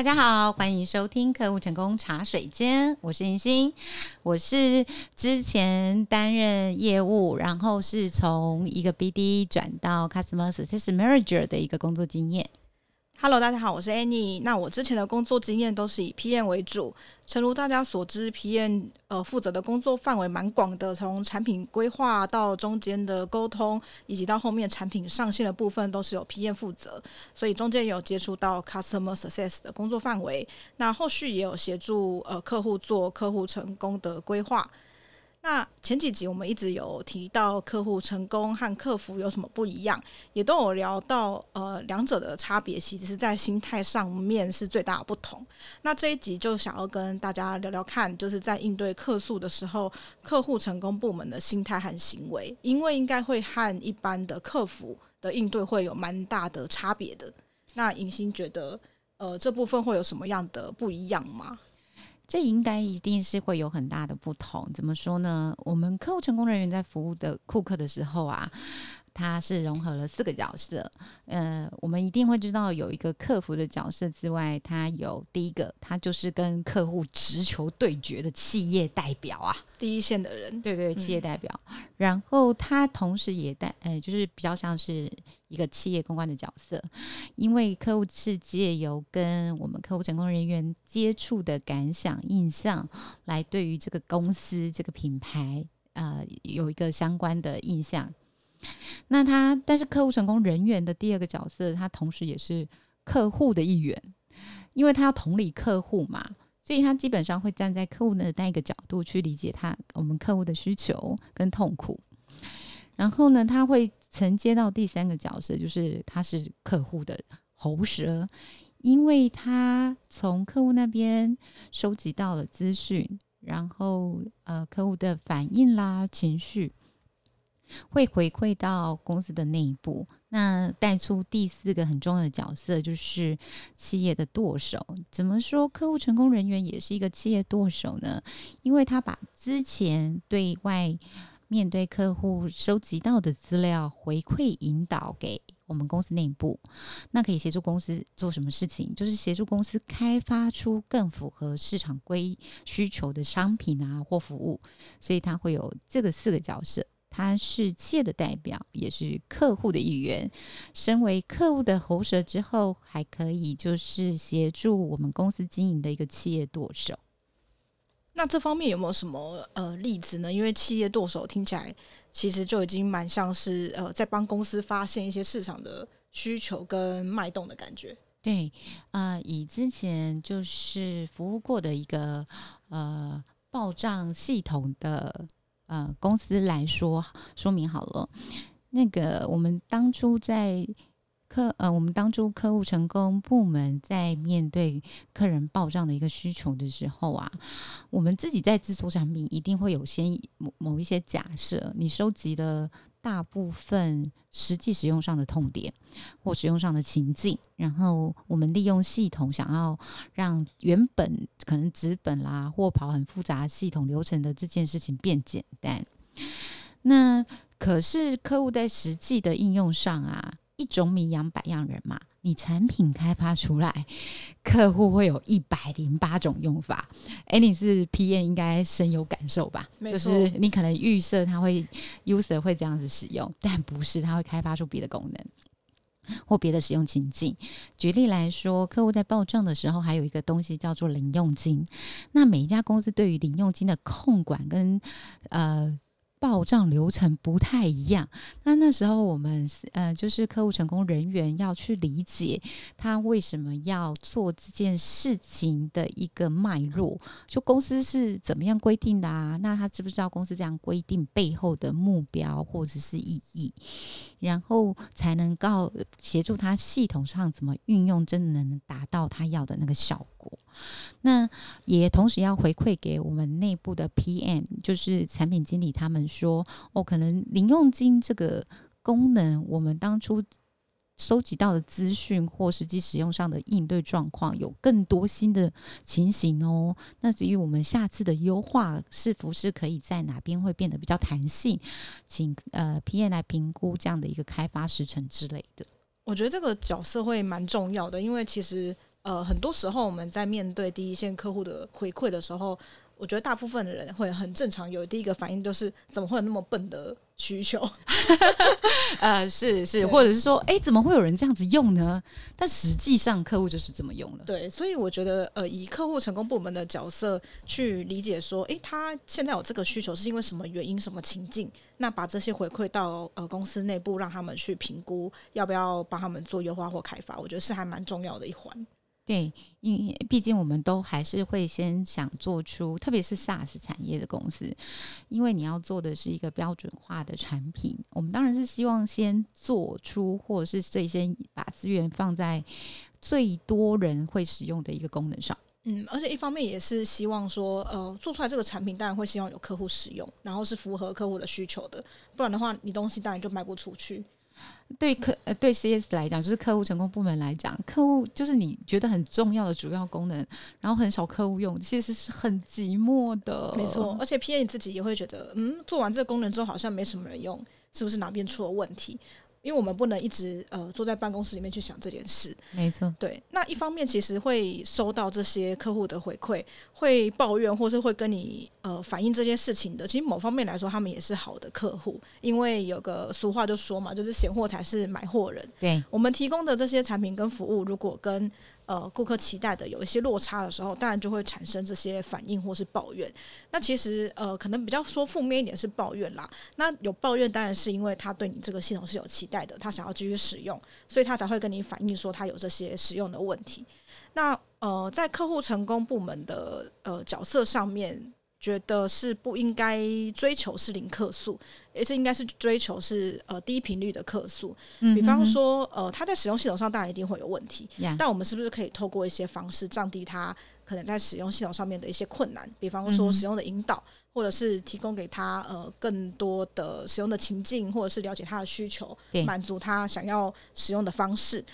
大家好，歡迎收聽客戶成功茶水間，我是銀心。我是之前擔任業務，然後是從一個 BD 轉到 Customer Success Manager 的一個工作經驗。Hello，大家好，我是 Annie。那我之前的工作經驗都是以 PM 為主。誠如大家所知，PM 呃負責的工作範圍蠻廣的，從產品規劃到中間的溝通，以及到後面產品上線的部分都是由 PM 負責。所以中間有接觸到 Customer Success 的工作範圍，那後續也有協助呃客戶做客戶成功的規劃。那前幾集我們一直有提到客戶成功和客服有什麼不一樣，也都有聊到呃兩者的差別，其實是在心態上面是最大的不同。那這一集就想要跟大家聊聊看，就是在應對客訴的時候，客戶成功部門的心態和行為，因為應該會和一般的客服的應對會有蠻大的差別的。那尹星覺得，呃這部分會有什麼樣的不一樣嗎？這應該一定是會有很大的不同。怎麼說呢？我們客戶成功人員在服務的顧客的時候啊。他是融合了四個角色，呃，我們一定會知道有一個客服的角色之外，他有第一個，他就是跟客戶直球對決的企業代表啊，第一線的人，對對，企業代表。嗯，然後他同時也帶，呃，就是比較像是一個企業公關的角色，因為客戶是借由跟我們客戶成功人員接觸的感想、印象，來對於這個公司、這個品牌啊，呃，有一個相關的印象。那他，但是客戶成功人員的第二個角色，他同時也是客戶的一員，因為他要同理客戶嘛，所以他基本上會站在客戶的那一個角度去理解他，我們客戶的需求跟痛苦。然後呢，他會承接到第三個角色，就是他是客戶的喉舌，因為他從客戶那邊收集到了資訊，然後呃，客戶的反應啦、情緒。會回饋到公司的內部，那帶出第四個很重要的角色，就是企業的舵手。怎麼說客戶成功人員也是一個企業舵手呢？因為他把之前對外面對客戶收集到的資料回饋引導給我們公司內部，那可以協助公司做什麼事情？就是協助公司開發出更符合市場規需求的商品啊或服務。所以，他會有這個四個角色。他是企業的代表，也是客戶的一員。身為客戶的喉舌之後，還可以就是協助我們公司經營的一個企業舵手。那這方面有沒有什麼呃例子呢？因為企業舵手聽起來其實就已經蠻像是呃在幫公司發現一些市場的需求跟脈動的感覺。對，啊、呃，以之前就是服務過的一個呃報賬系統的。呃，公司來說說明好了，那個我們當初在客，呃，我們當初客戶成功部門在面對客人報賬的一個需求的時候啊，我們自己在製作產品一定會有些某某一些假設，你收集的。大部分實際使用上的痛點或使用上的情境，然後我們利用系統想要讓原本可能紙本啦或跑很複雜系統流程的這件事情變簡單。那可是客戶在實際的應用上啊。一種米養百樣人嘛，你產品開發出來，客戶會有一百零八種用法。誒、欸，你是 PM 應該深有感受吧？沒錯。就是你可能預設他會 user 會這樣子使用，但不是，他會開發出別的功能或別的使用情境。舉例來說，客戶在報賬的時候，還有一個東西叫做零用金。那每一家公司對於零用金的控管跟呃。報賬流程不太一樣，那那時候我們呃，就是客戶成功人員要去理解他為什麼要做這件事情的一個脈絡，就公司是怎麼樣規定的啊？那他知不知道公司這樣規定背後的目標或者是意義？然後才能夠協助他系統上怎麼運用，真的能達到他要的那個效果。那也同時要回饋給我們內部的 PM，就是產品經理他們說，哦，可能零佣金這個功能，我們當初。收集到的資訊或實際使用上的應對狀況，有更多新的情形哦。那至於我們下次的優化是否是可以在哪邊會變得比較彈性，請呃 PM 來評估這樣的一個開發時程之類的。我覺得這個角色會蠻重要的，因為其實呃很多時候我們在面對第一線客戶的回饋的時候，我覺得大部分的人會很正常，有第一個反應就是怎麼會有那麼笨的需求， 呃，是是，對或者是說，哎、欸，怎麼會有人這樣子用呢？但實際上，客戶就是這麼用的。對，所以我覺得，呃，以客戶成功部門的角色去理解說，哎、欸，他現在有這個需求，是因為什麼原因、什麼情境？那把這些回饋到呃公司內部，讓他們去評估要不要幫他們做優化或開發，我覺得是還蠻重要的一環。對，因為畢竟我們都還是會先想做出，特別是 SaaS 產業的公司，因為你要做的是一個標準化的產品。我們當然是希望先做出，或者是最先把資源放在最多人會使用的一個功能上。嗯，而且一方面也是希望說，呃，做出來這個產品，當然會希望有客戶使用，然後是符合客戶的需求的，不然的話，你東西當然就賣不出去。對客呃，對 CS 來講，就是客戶成功部門來講，客戶就是你覺得很重要的主要功能，然後很少客戶用，其實是很寂寞的。沒錯，而且 PM 你自己也會覺得，嗯，做完這個功能之後，好像沒什麼人用，是不是哪邊出了問題？因為我們不能一直呃坐在辦公室裡面去想這件事，沒錯。對，那一方面其實會收到這些客戶的回饋，會抱怨或是會跟你呃反映這些事情的。其實某方面來說，他們也是好的客戶，因為有個俗話就說嘛，就是“嫌貨才是買貨人”。對，我們提供的這些產品跟服務，如果跟呃，顧客期待的有一些落差的時候，當然就會產生這些反應或是抱怨。那其實呃，可能比較說負面一點是抱怨啦。那有抱怨當然是因為他對你這個系統是有期待的，他想要繼續使用，所以他才會跟你反映說他有這些使用的問題。那呃，在客戶成功部門的呃角色上面，覺得是不應該追求是零客訴，而是應該是追求是呃低頻率的客訴。嗯、哼哼比方說呃，他在使用系統上，當然一定會有問題。Yeah. 但我們是不是可以透過一些方式降低他可能在使用系統上面的一些困難？比方說使用的引導，嗯、哼或者是提供給他呃更多的使用的情境，或者是了解他的需求，對滿足他想要使用的方式。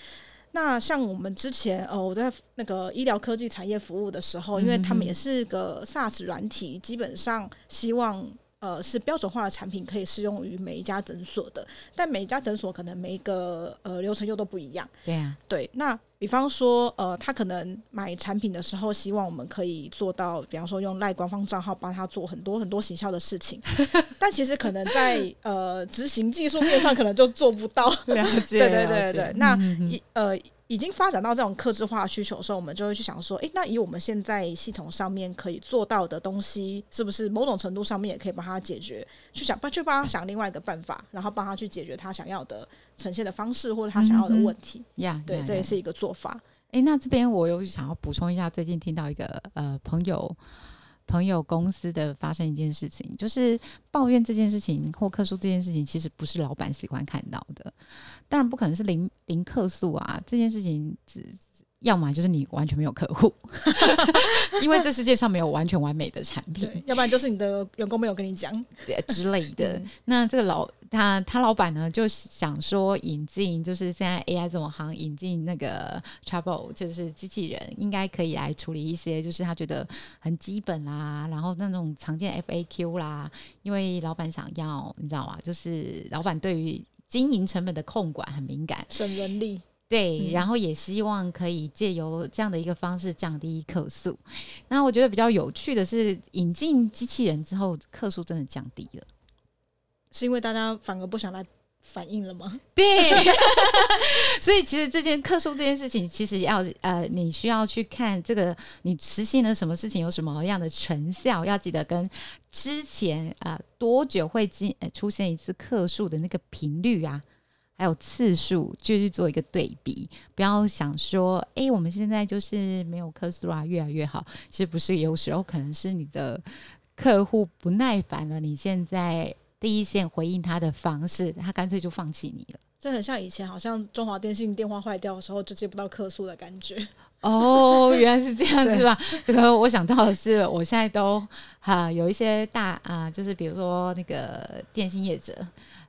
那像我們之前，呃、哦，我在那個醫療科技產業服務的時候，嗯、哼哼因為他們也是個 SaaS 軟體，基本上希望呃是標準化的產品可以適用於每一家診所的，但每一家診所可能每一個呃流程又都不一樣，對、啊、對那。比方說，呃，他可能買產品的時候，希望我們可以做到，比方說用 LINE 官方賬號幫他做很多很多行銷的事情， 但其實可能在呃執行技術面上可能就做不到。了解，對對對，了解，對對對。那呃，已經發展到這種客製化需求的時候，我們就會去想說，誒、欸，那以我們現在系統上面可以做到的東西，是不是某種程度上面也可以幫他解決？去想幫，去幫他想另外一個辦法，然後幫他去解決他想要的。呈現的方式或者他想要的問題，呀、嗯，yeah, 對，yeah, yeah. 這也是一個做法。欸、那這邊我有想要補充一下，最近聽到一個呃朋友朋友公司的發生一件事情，就是抱怨這件事情，或客訴這件事情，其實不是老闆喜歡看到的。當然不可能是零零客訴啊，這件事情只，要麼就是你完全沒有客戶， 因為這世界上沒有完全完美的產品； 要不然就是你的員工沒有跟你講之類的。嗯、那這個老他他老板呢就想說引進，就是現在 AI 這麼行，引進那個 Trouble，就是機器人，應該可以來處理一些，就是他覺得很基本啦，然後那種常見 FAQ 啦。因為老板想要，你知道嗎？就是老板對於經營成本的控管很敏感，省人力。對，然後也希望可以借由這樣的一個方式降低客訴。嗯、那我覺得比較有趣的是，引進機器人之後，客訴真的降低了，是因為大家反而不想來反應了嗎？對， 所以其實這件客訴這件事情，其實要呃，你需要去看這個你實行了什麼事情，有什麼樣的成效，要記得跟之前啊、呃、多久會進呃出現一次客訴的那個頻率啊。還有次數，就去做一個對比，不要想說，哎、欸，我們現在就是沒有客訴啊，越來越好，是不是？有時候可能是你的客戶不耐煩了，你現在第一線回應他的方式，他乾脆就放棄你了。這很像以前，好像中華電信電話壞掉的時候就接不到客訴的感覺。哦， 原來是這樣子吧？這個對 我想到的是，我現在都哈、啊、有一些大啊，就是比如說那個電信業者。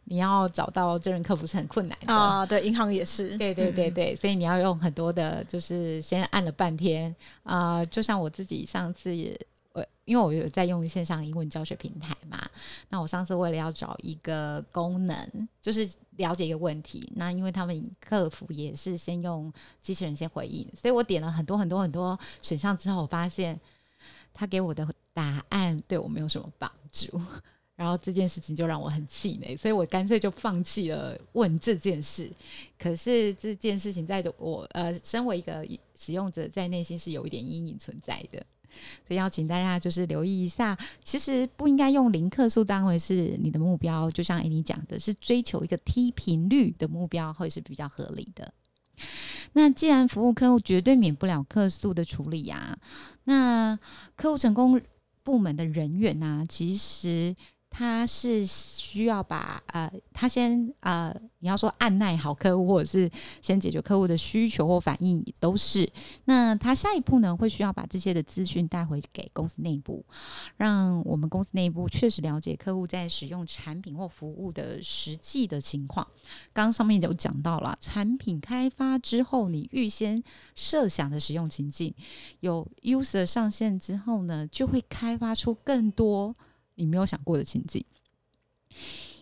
你要找到真人客服是很困難的啊、哦！對，銀行也是。對對對對，嗯嗯。所以你要用很多的，就是先按了半天啊、呃。就像我自己上次也，我因為我有在用線上英文教學平台嘛，那我上次為了要找一個功能，就是了解一個問題，那因為他們客服也是先用機器人先回應，所以我點了很多很多很多選項之後，我發現他給我的答案對我沒有什麼幫助。然後這件事情就讓我很氣餒，所以我乾脆就放棄了問這件事。可是這件事情在，在我呃，身為一個使用者，在內心是有一點陰影存在的。所以邀請大家就是留意一下，其實不應該用零客訴單位是你的目標，就像 Andy 講的，是追求一個低頻率的目標，會是比較合理的。那既然服務客戶絕對免不了客訴的處理啊，那客戶成功部門的人員呢、啊，其實。他是需要把呃，他先呃，你要說按耐好客戶，或者是先解決客戶的需求或反應，都是。那他下一步呢，會需要把這些的資訊帶回給公司內部，讓我們公司內部確實了解客戶在使用產品或服務的實際的情況。剛剛上面有講到了，產品開發之後，你預先設想的使用情境，有 user 上線之後呢，就會開發出更多。你沒有想過的情景，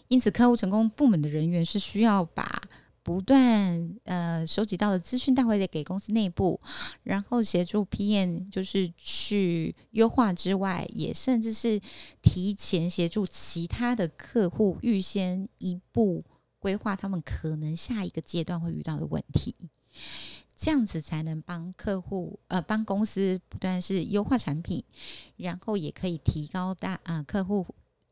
因此客戶成功部門的人員是需要把不斷呃收集到的資訊帶回來給公司內部，然後協助 PM 就是去優化之外，也甚至是提前協助其他的客戶預先一步規劃他們可能下一個階段會遇到的問題。這樣子才能幫客戶呃幫公司不斷是優化產品，然後也可以提高大啊、呃、客戶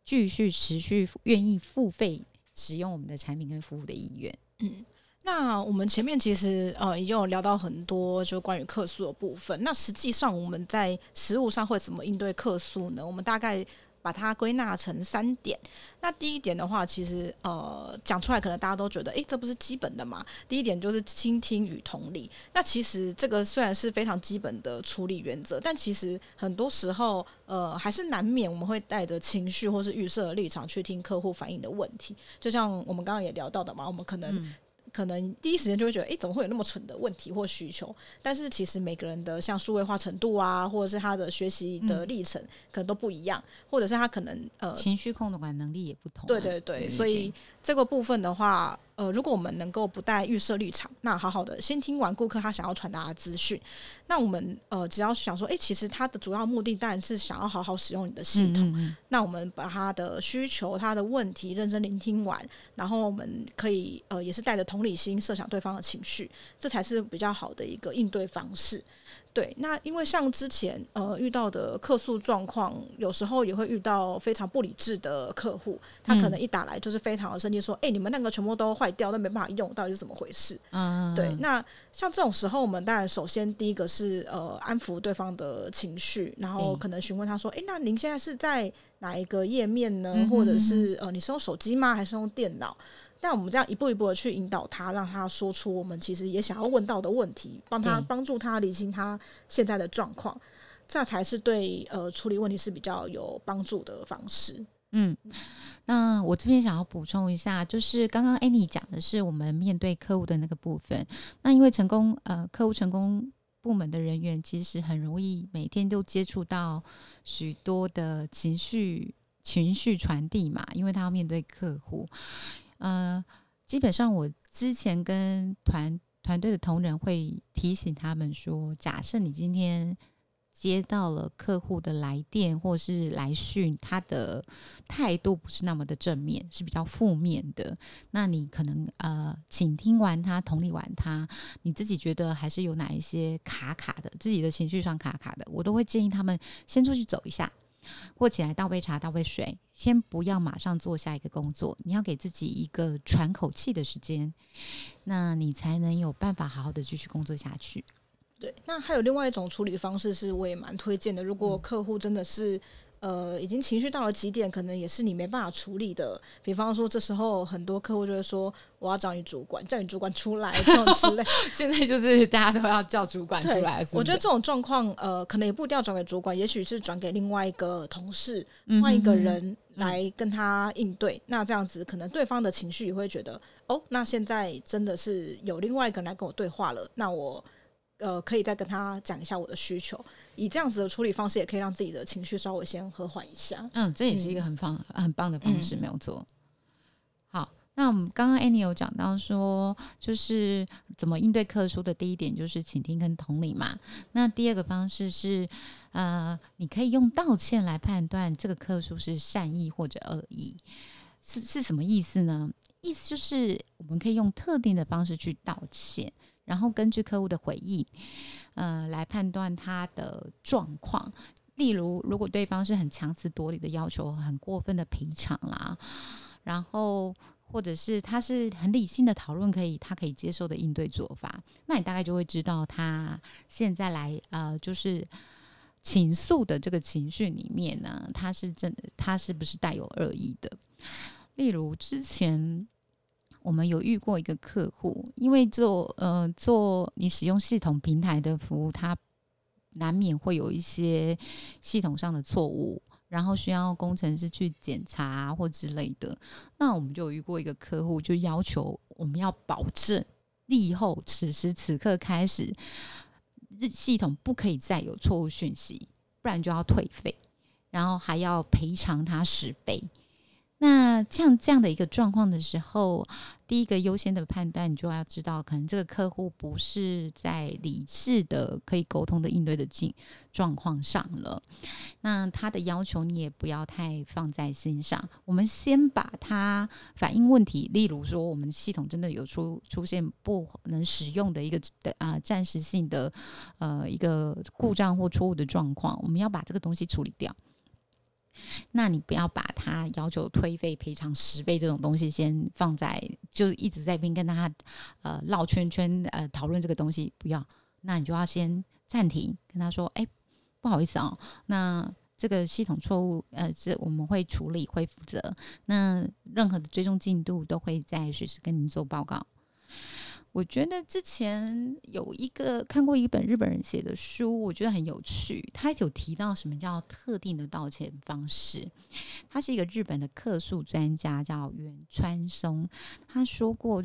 繼續持續願意付費使用我們的產品跟服務的意願。嗯，那我們前面其實呃已經有聊到很多就關於客訴的部分，那實際上我們在實務上會怎麼應對客訴呢？我們大概。把它歸納成三點。那第一點的話，其實呃講出來可能大家都覺得，誒、欸，這不是基本的嘛。第一點就是傾聽與同理。那其實這個雖然是非常基本的處理原則，但其實很多時候呃還是難免我們會帶着情緒或是預設的立場去聽客戶反映的問題。就像我們剛剛也聊到的嘛，我們可能、嗯。可能第一時間就會覺得，哎、欸，怎麼會有那麼蠢的問題或需求？但是其實每個人的像數位化程度啊，或者是他的學習的歷程，嗯、可能都不一樣，或者是他可能呃情緒控制管能力也不同、啊。對對對，所以這個部分的話。呃，如果我們能夠不帶預設立場，那好好的先聽完顧客他想要傳達的資訊，那我們呃只要想說，誒、欸，其實他的主要目的當然是想要好好使用你的系統，嗯嗯嗯。那我們把他的需求、他的問題認真聆聽完，然後我們可以呃也是帶着同理心設想對方的情緒，這才是比較好的一個應對方式。對，那因為像之前呃遇到的客訴狀況，有時候也會遇到非常不理智的客戶，他可能一打來就是非常生氣，說：“哎、嗯欸，你們那個全部都壞掉，那沒辦法用，到底是怎麼回事？”嗯，對，那像這種時候，我們當然首先第一個是呃安撫對方的情緒，然後可能詢問他說：“哎、嗯欸，那您現在是在哪一個頁面呢？嗯哼嗯哼，或者是呃你是用手機嗎，還是用電腦？”但我們這樣一步一步的去引導他，讓他說出我們其實也想要問到的問題，幫他幫對助他理清他現在的狀況，這才是對呃處理問題是比較有幫助的方式。嗯，那我這邊想要補充一下，就是剛剛 Annie 講的是我們面對客戶的那個部分。那因為成功呃客戶成功部門的人員，其實很容易每天就接觸到許多的情緒情緒傳遞嘛，因為他要面對客戶。呃，基本上我之前跟團團隊的同仁會提醒他們說，假設你今天接到了客戶的來電或是來訊，他的態度不是那麼的正面，是比較負面的，那你可能呃，傾聽完他，同理完他，你自己覺得還是有哪一些卡卡的，自己的情緒上卡卡的，我都會建議他們先出去走一下。或起來倒杯茶，倒杯水，先不要馬上做下一個工作，你要給自己一個喘口氣的時間，那你才能有辦法好好的繼續工作下去。對，那還有另外一種處理方式是，我也蠻推薦的。如果客戶真的是，嗯呃，已經情緒到了極點，可能也是你沒辦法處理的。比方說，這時候很多客戶就會說：“我要找你主管，叫你主管出來，這種之類。” 現在就是大家都要叫主管出來。對，是不是？我覺得這種狀況，呃，可能也不一定要轉給主管，也許是轉給另外一個同事，換一個人來跟他應對。嗯、哼哼那這樣子，可能對方的情緒也會覺得，哦，那現在真的是有另外一個人來跟我對話了，那我呃可以再跟他講一下我的需求。以這樣子的處理方式，也可以讓自己的情緒稍微先和緩一下。嗯，這也是一個很方、嗯、很棒的方式，嗯、沒有錯。好，那我們剛剛 Annie 有講到說，就是怎麼應對客訴的第一點就是傾聽跟同理嘛。那第二個方式是，呃，你可以用道歉來判斷這個客訴是善意或者惡意。是是什麼意思呢？意思就是我們可以用特定的方式去道歉。然後根據客戶的回應，呃，來判斷他的狀況。例如，如果對方是很強詞奪理的要求，很過分的賠償啦，然後或者是他是很理性的討論，可以他可以接受的應對做法，那你大概就會知道他現在來呃，就是傾訴的這個情緒裡面呢，他是真的，他是不是帶有惡意的？例如之前。我們有遇過一個客戶，因為做呃做你使用系統平台的服務，它難免會有一些系統上的錯誤，然後需要工程師去檢查或之類的。那我們就有遇過一個客戶，就要求我們要保證以後此時此刻開始，這系統不可以再有錯誤訊息，不然就要退費，然後還要賠償他十倍。那像這,這樣的一個狀況的時候，第一個優先的判斷，你就要知道，可能這個客戶不是在理智的、可以溝通的、應對的境狀況上了。那他的要求你也不要太放在心上。我們先把他反映問題，例如說，我們系統真的有出出現不能使用的一個的啊、呃，暫時性的呃一個故障或錯誤的狀況，我們要把這個東西處理掉。那你不要把他要求退費賠償十倍這種東西先放在，就一直在那邊跟他呃繞圈圈呃討論這個東西，不要。那你就要先暫停，跟他說，哎、欸，不好意思啊、哦，那這個系統錯誤，呃，是我們會處理會負責，那任何的追蹤進度都會再隨時跟您做報告。我覺得之前有一個看過一本日本人寫的書，我覺得很有趣。他有提到什麼叫特定的道歉方式。他是一個日本的客訴專家，叫遠川松。他說過，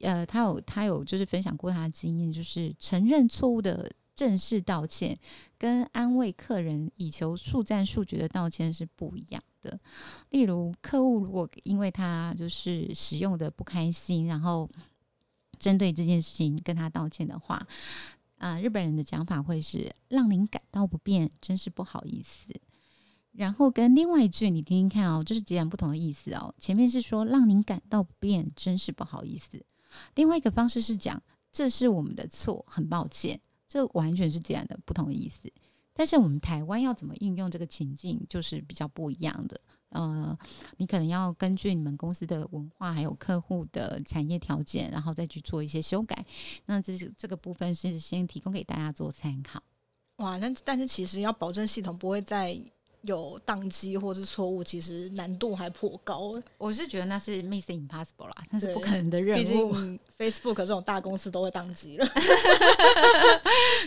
呃，他有他有就是分享過他的經驗，就是承認錯誤的正式道歉，跟安慰客人以求速戰速決的道歉是不一樣的。例如，客戶如果因為他就是使用得不開心，然後。針對這件事情跟他道歉的話，啊、呃，日本人的講法會是讓您感到不便，真是不好意思。然後跟另外一句你聽聽看哦，就是截然不同的意思哦。前面是說讓您感到不便，真是不好意思。另外一個方式是講這是我們的錯，很抱歉。這完全是截然的不同的意思。但是我們台灣要怎麼運用這個情境，就是比較不一樣的。呃，你可能要根據你們公司的文化，還有客戶的產業條件，然後再去做一些修改。那這是這個部分是先提供給大家做參考。哇，那但是其實要保證系統不會再有宕機或是錯誤，其實難度還頗高。我是覺得那是 Mission impossible 啦，那是不可能的任務。畢竟 Facebook 這種大公司都會宕機了。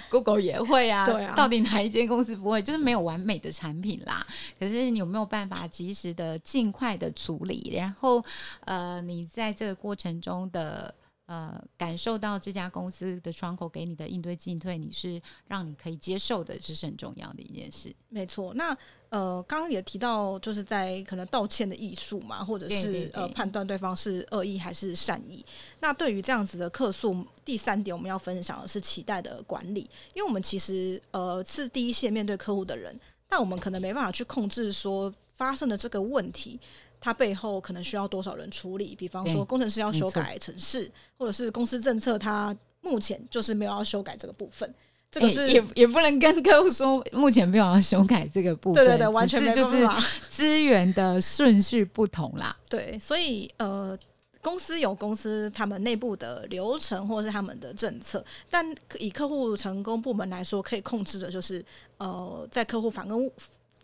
Google 也會啊， 啊到底哪一間公司不會？就是沒有完美的產品啦。對可是你有沒有辦法及時的、盡快的處理？然後，呃，你在這個過程中的。呃，感受到這家公司的窗口給你的應對進退，你是讓你可以接受的，這是很重要的一件事。沒錯。那呃，剛剛也提到，就是在可能道歉的藝術嘛，或者是對對對呃，判斷對方是惡意還是善意。那對於這樣子的客訴，第三點我們要分享的是期待的管理，因為我們其實呃是第一線面對客戶的人，但我們可能沒辦法去控制說發生的這個問題。它背後可能需要多少人處理？比方說工程師要修改程式，欸、或者是公司政策，它目前就是沒有要修改這個部分。欸、這個是也也不能跟客戶說目前沒有要修改這個部分。對對對，完全就是資源的順序不同啦。 對，所以呃，公司有公司他們內部的流程或者是他們的政策，但以客戶成功部門來說，可以控制的就是呃，在客戶反應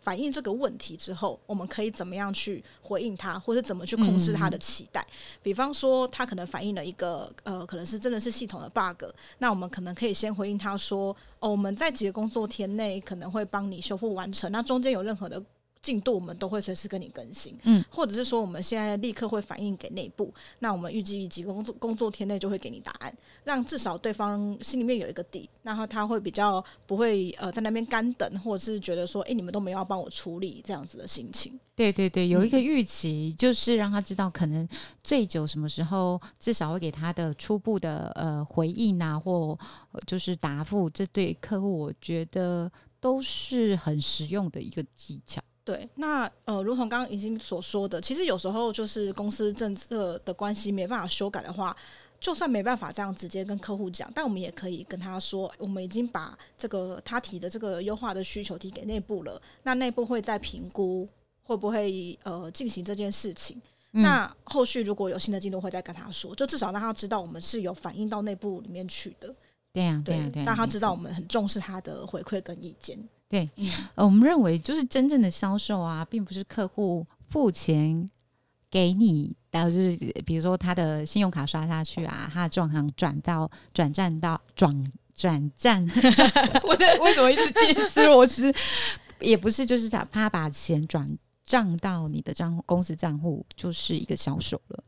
反映這個問題之後，我們可以怎麼樣去回應他，或者怎麼去控制他的期待？嗯、比方說，他可能反映了一個，呃，可能是真的是系統的 bug，那我們可能可以先回應他說，哦，我們在幾個工作天內可能會幫你修復完成。那中間有任何的。進度我們都會隨時跟你更新，嗯，或者是說我們現在立刻會反映給內部，那我們預計預計工作工作天內就會給你答案，讓至少對方心裡面有一個底，然後他會比較不會呃在那邊乾等，或者是覺得說哎，你們都沒有幫我處理這樣子的心情。對對對，有一個預期就是讓他知道可能最久什麼時候至少會給他的初步的呃回應啊或就是答復，這對客戶我覺得都是很實用的一個技巧。對，那呃，如同剛剛已經所說的，其實有時候就是公司政策的關係沒辦法修改的話，就算沒辦法這樣直接跟客戶講，但我們也可以跟他說，我們已經把這個他提的這個優化的需求提給內部了，那內部會再評估會不會呃進行這件事情。嗯、那後續如果有新的進度，會再跟他說，就至少讓他知道我們是有反映到內部裡面去的。對呀、啊，對呀、啊，對、啊，對啊、對，讓他知道我們很重視他的回饋跟意見。對、嗯呃，我們認為就是真正的銷售啊，並不是客戶付錢給你，然後就是比如說他的信用卡刷下去啊，他的轉行轉到轉賬到轉轉賬。 我在為什麼一直堅持我是也不是就是他他把錢轉賬到你的賬公司賬戶就是一個銷售了。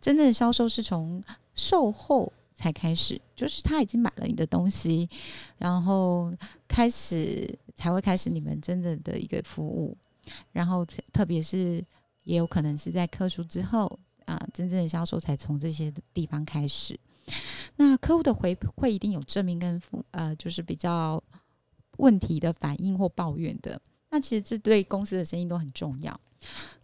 真正的銷售是從售後才開始，就是他已經買了你的東西，然後開始。才會開始你們真正的一個服務，然後特別是也有可能是在客訴之後啊、呃，真正的銷售才從這些地方開始。那客戶的回饋一定有正面跟負呃，就是比較問題的反應或抱怨的。那其實這對公司的生意都很重要。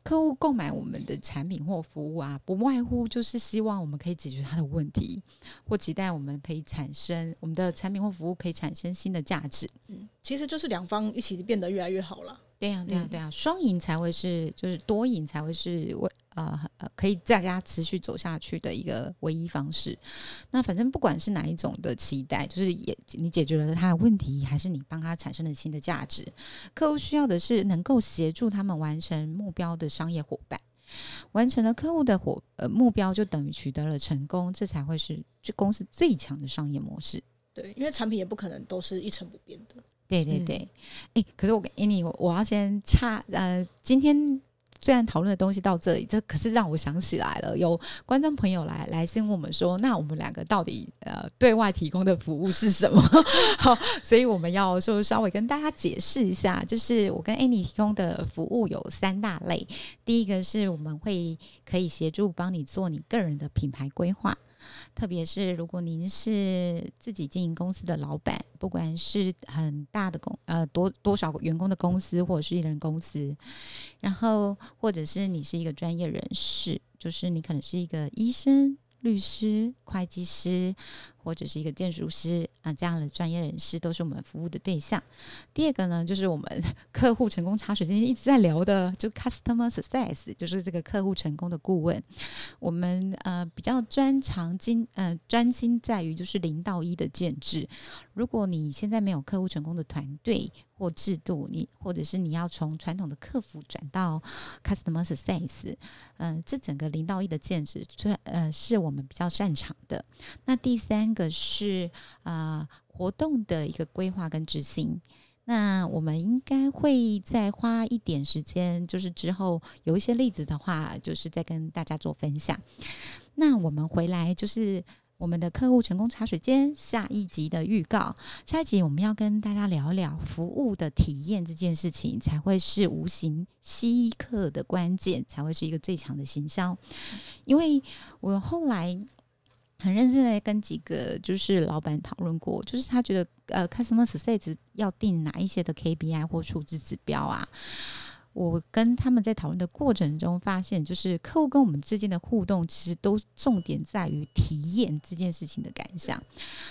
客戶購買我們的產品或服務啊，不外乎就是希望我們可以解決他的問題，或期待我們可以產生我們的產品或服務可以產生新的價值。嗯，其實就是兩方一起變得越來越好了。對啊，對啊，對啊，嗯，雙贏才會是，就是多贏才會是我呃呃，可以在家持續走下去的一個唯一方式。那反正不管是哪一種的期待，就是也你解決了他的問題，還是你幫他產生了新的價值。客戶需要的是能夠協助他們完成目標的商業夥伴。完成了客戶的夥呃目標，就等於取得了成功，這才會是這公司最強的商業模式。對，因為產品也不可能都是一成不變的。對對對。哎、嗯，欸，可是我跟 Any，我我要先插呃，今天。雖然討論的東西到這裡，這可是讓我想起來了，有觀眾朋友來來先問我們說，那我們兩個到底呃對外提供的服務是什麼？ 好，所以我們要說稍微跟大家解釋一下，就是我跟 Annie 提供的服務有三大類，第一個是我們會可以協助幫你做你個人的品牌規劃。特別是如果您是自己經營公司的老闆，不管是很大的公、呃多多少個員工的公司，或者是一人公司，然後或者是你是一個專業人士，就是你可能是一個醫生、律師、會計師。或者是一個建築師啊、呃，這樣的專業人士都是我們服務的對象。第二個呢，就是我們客戶成功茶水間一直在聊的，就 customer success，就是這個客戶成功的顧問。我們呃比較專長精呃專心在於就是零到一的建制。如果你現在沒有客戶成功的團隊或制度，你或者是你要從傳統的客服轉到 customer success，嗯、呃，這整個零到一的建制，最呃是我們比較擅長的。那第三個。的是啊、呃，活動的一個規劃跟執行，那我們應該會再花一點時間，就是之後有一些例子的話，就是再跟大家做分享。那我們回來就是我們的客戶成功茶水間，下一集的預告，下一集我們要跟大家聊聊服務的體驗這件事情，才會是無形吸客的關鍵，才會是一個最強的行銷。因為我後來。很認真地跟幾個就是老闆討論過，就是他覺得呃，customer success 持人要定哪一些的 KPI 或數字指標啊？我跟他們在討論的過程中發現，就是客戶跟我們之間的互動，其實都重點在於體驗這件事情的感想。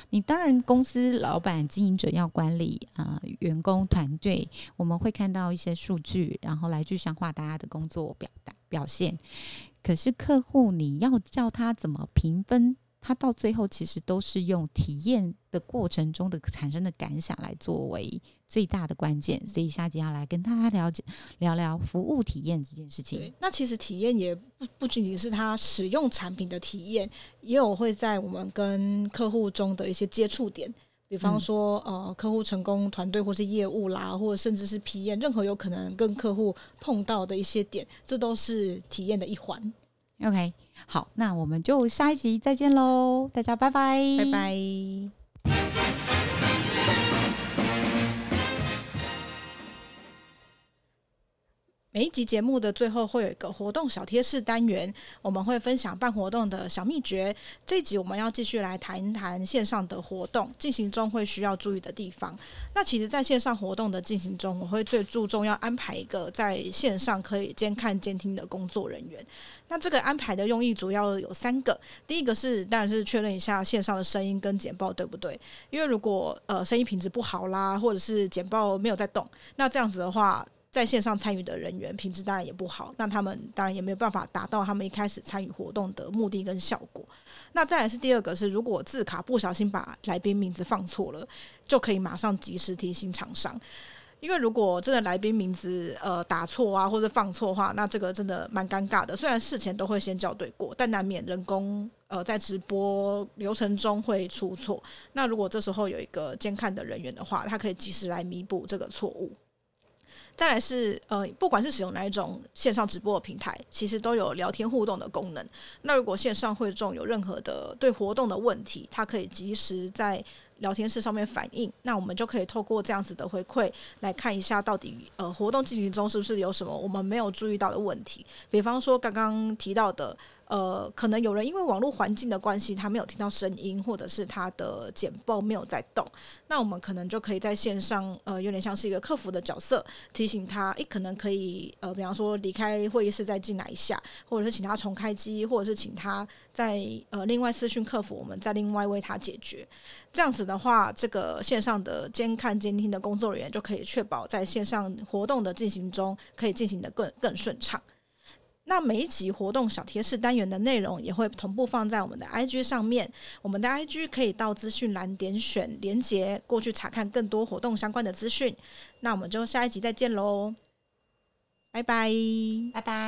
你當然公司老闆、經營者要管理啊、呃、員工團隊，我們會看到一些數據，然後來具象化大家的工作表達表現。可是客戶，你要叫他怎麼評分？他到最後其實都是用體驗的過程中的產生的感想來作為最大的關鍵，所以下集要來跟大家了解聊聊服務體驗這件事情。那其實體驗也不不僅僅是他使用產品的體驗，也有會在我們跟客戶中的一些接觸點，比方說、嗯、呃，客戶成功團隊或是業務啦，或者甚至是 PM，任何有可能跟客戶碰到的一些點，這都是體驗的一環。OK。好，那我們就下一集再見嘍。大家拜拜，拜拜。每一集節目的最後會有一個活動小貼士單元，我們會分享辦活動的小秘訣。這一集我們要繼續來談一談線上的活動進行中會需要注意的地方。那其實在線上活動的進行中，我會最注重要安排一個在線上可以監看監聽的工作人員。那這個安排的用意主要有三個：第一個是當然是確認一下線上的聲音跟簡報對不對，因為如果呃聲音品質不好啦，或者是簡報沒有在動，那這樣子的話，在線上參與的人員品質當然也不好，那他們當然也沒有辦法達到他們一開始參與活動的目的跟效果。那再來是第二個是，如果字卡不小心把來賓名字放錯了，就可以馬上及時提醒廠商。因為如果真的來賓名字呃打錯啊，或者放錯的話，那這個真的蠻尷尬的。雖然事前都會先校對過，但難免人工呃在直播流程中會出錯。那如果這時候有一個監看的人員的話，他可以及時來彌補這個錯誤。再來是呃，不管是使用哪一種線上直播的平台，其實都有聊天互動的功能。那如果線上會眾有任何的對活動的問題，他可以及時在聊天室上面反映，那我們就可以透過這樣子的回饋來看一下，到底呃活動進行中是不是有什麼我們沒有注意到的問題，比方說剛剛提到的。呃，可能有人因為網絡環境的關係，他沒有聽到聲音，或者是他的簡報沒有在動，那我們可能就可以在線上，呃，有點像是一個客服的角色，提醒他，誒，可能可以，呃，比方說離開會議室再進來一下，或者是請他重開機，或者是請他在呃另外私訊客服，我們再另外為他解決。這樣子的話，這個線上的監看監聽的工作人員就可以確保在線上活動的進行中，可以進行得更更順暢。那每一集活動小貼士單元的內容也會同步放在我們的 IG 上面，我們的 IG 可以到資訊欄點選連結，過去查看更多活動相關的資訊。那我們就下一集再見嘍，拜拜，拜拜。